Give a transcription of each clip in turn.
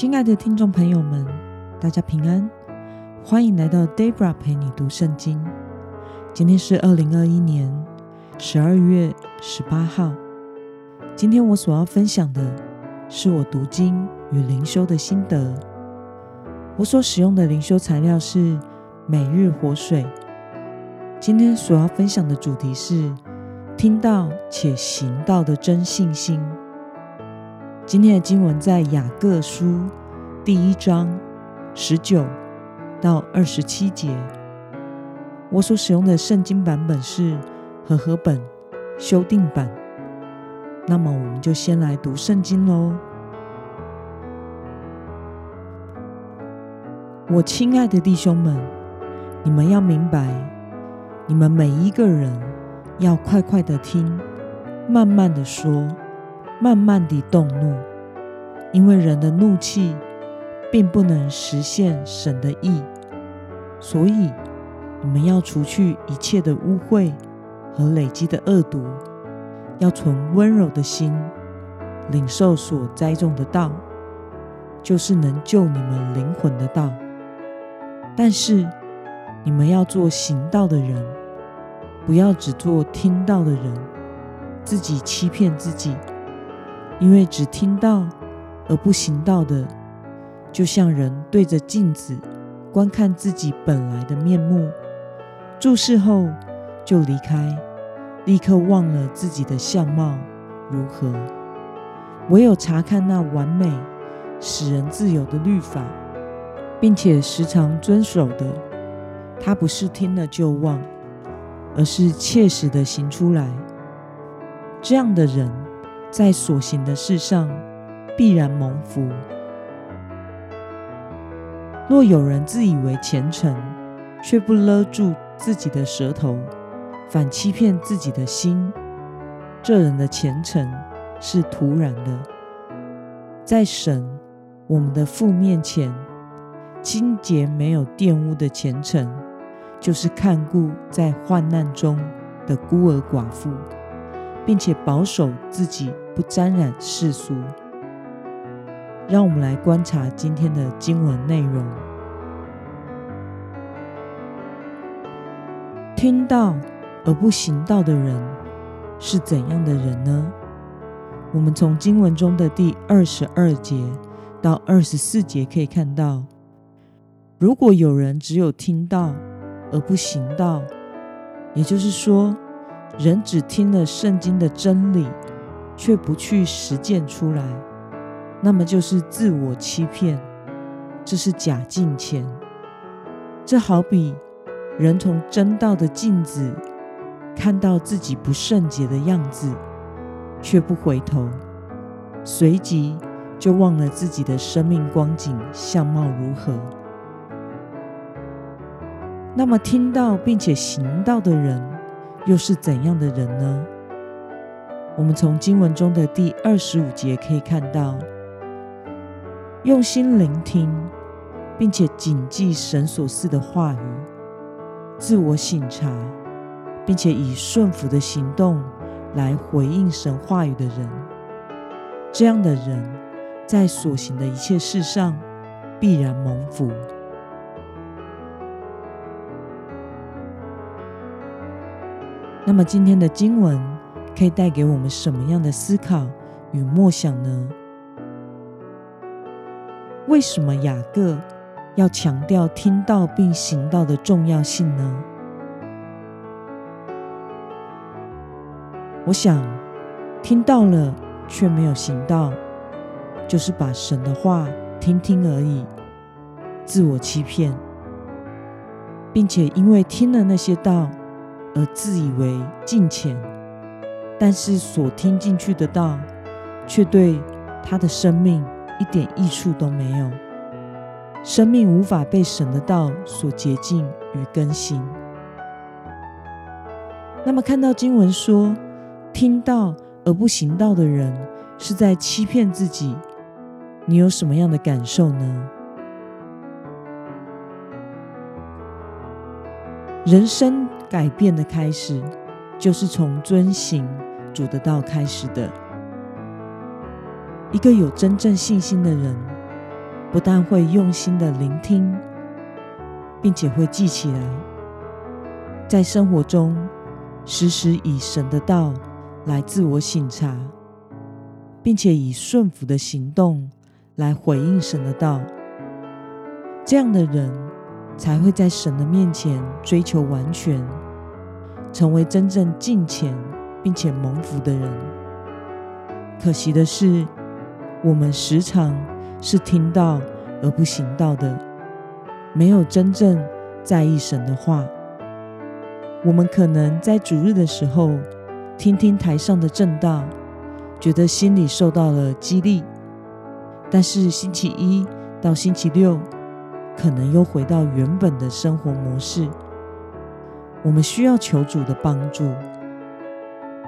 親愛的聽眾朋友們，大家平安，歡迎來到 Debra 陪你讀聖經。今天是二零二一年十二月十八號。今天我所要分享的是我讀經與靈修的心得。我所使用的靈修材料是《每日活水》。今天所要分享的主題是：聽道且行道的真信心。今天的經文在雅各書第一章十九到二十七節。我所使用的聖經版本是和合本修訂版。那麼，我們就先來讀聖經嘍。我親愛的弟兄們，你們要明白，你們每一個人要快快地聽，慢慢地說。慢慢地動怒，因為人的怒氣並不能實現神的義，所以你們要除去一切的污穢和累積的惡毒，要存溫柔的心，領受所栽種的道，就是能救你們靈魂的道。但是你們要做行道的人，不要只做聽道的人，自己欺騙自己。因為只聽道而不行道的，就像人對着鏡子觀看自己本來的面目，注視後就離開，立刻忘了自己的相貌如何。唯有查看那完美使人自由的律法，並且時常遵守的，他不是聽了就忘，而是切實的行出來。這樣的人，在所行的事上，必然蒙福。若有人自以為虔誠，却不勒住自己的舌頭，反欺騙自己的心，這人的虔誠是徒然的。在神，我們的父面前，清潔沒有玷污的虔誠，就是看顧在患難中的孤兒寡婦。並且保守自己，不沾染世俗。讓我們來觀察今天的經文內容。聽道而不行道的人是怎樣的人呢？我們從經文中的第二十二節到二十四節可以看到，如果有人只有聽道而不行道，也就是說。人只聽了聖經的真理，卻不去實踐出來，那麼就是自我欺騙，這是假敬虔。這好比人從真道的鏡子看到自己不聖潔的樣子，卻不回頭，隨即就忘了自己的生命光景相貌如何。那麼聽道並且行道的人。又是怎樣的人呢？我們從經文中的第二十五節可以看到，用心聆聽並且謹記神所賜的話語，自我省察並且以順服的行動來回應神話語的人，這樣的人在所行的一切事上必然蒙福。那麼今天的經文可以帶給我們什麼樣的思考與默想呢？為什麼雅各要強調聽道並行道的重要性呢？我想，聽到了却沒有行道，就是把神的話聽聽而已，自我欺騙，並且因為聽了那些道。而自以為敬虔，但是所聽進去的道，卻對他的生命一點益處都沒有。生命無法被神的道所潔淨與更新。那麼，看到經文說，聽道而不行道的人是在欺騙自己，你有什麼樣的感受呢？人生。改變的開始，就是從遵行主的道開始的。一個有真正信心的人，不但會用心的聆聽，並且會記起來，在生活中時時以神的道來自我省察，並且以順服的行動來回應神的道。這樣的人。才會在神的面前追求完全，成為真正敬虔並且蒙福的人。可惜的是，我們時常是聽道而不行道的，沒有真正在意神的話。我們可能在主日的時候聽聽台上的證道，覺得心裡受到了激勵，但是星期一到星期六。可能又回到原本的生活模式，我們需要求主的幫助，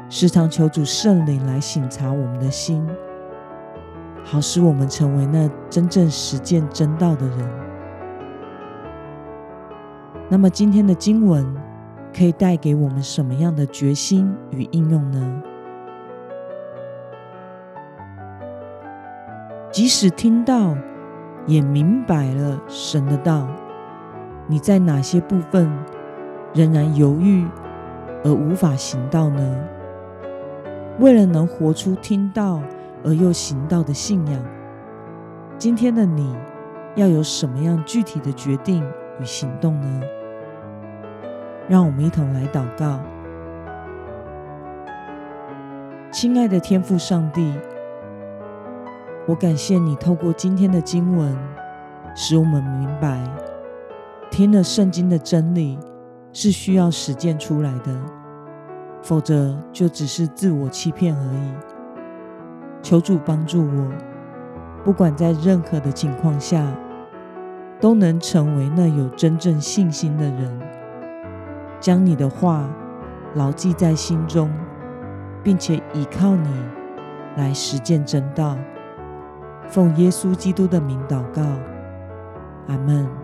時常求主聖靈來省察我們的心，好使我們成為那真正實踐真道的人。那麼今天的經文可以帶給我們什麼樣的決心與應用呢？即使聽道，也明白了神的道，你在哪些部分仍然猶豫而無法行道呢？為了能活出聽道而又行道的信仰，今天的你要有什麼樣具體的決定與行動呢？讓我們一同來禱告，親愛的天父上帝。我感謝你透過今天的經文，使我們明白，聽了聖經的真理是需要實踐出來的，否則就只是自我欺騙而已。求主幫助我，不管在任何的情況下，都能成為那有真正信心的人，將你的話牢記在心中，並且依靠你來實踐真道。奉耶穌基督的名禱告，阿門。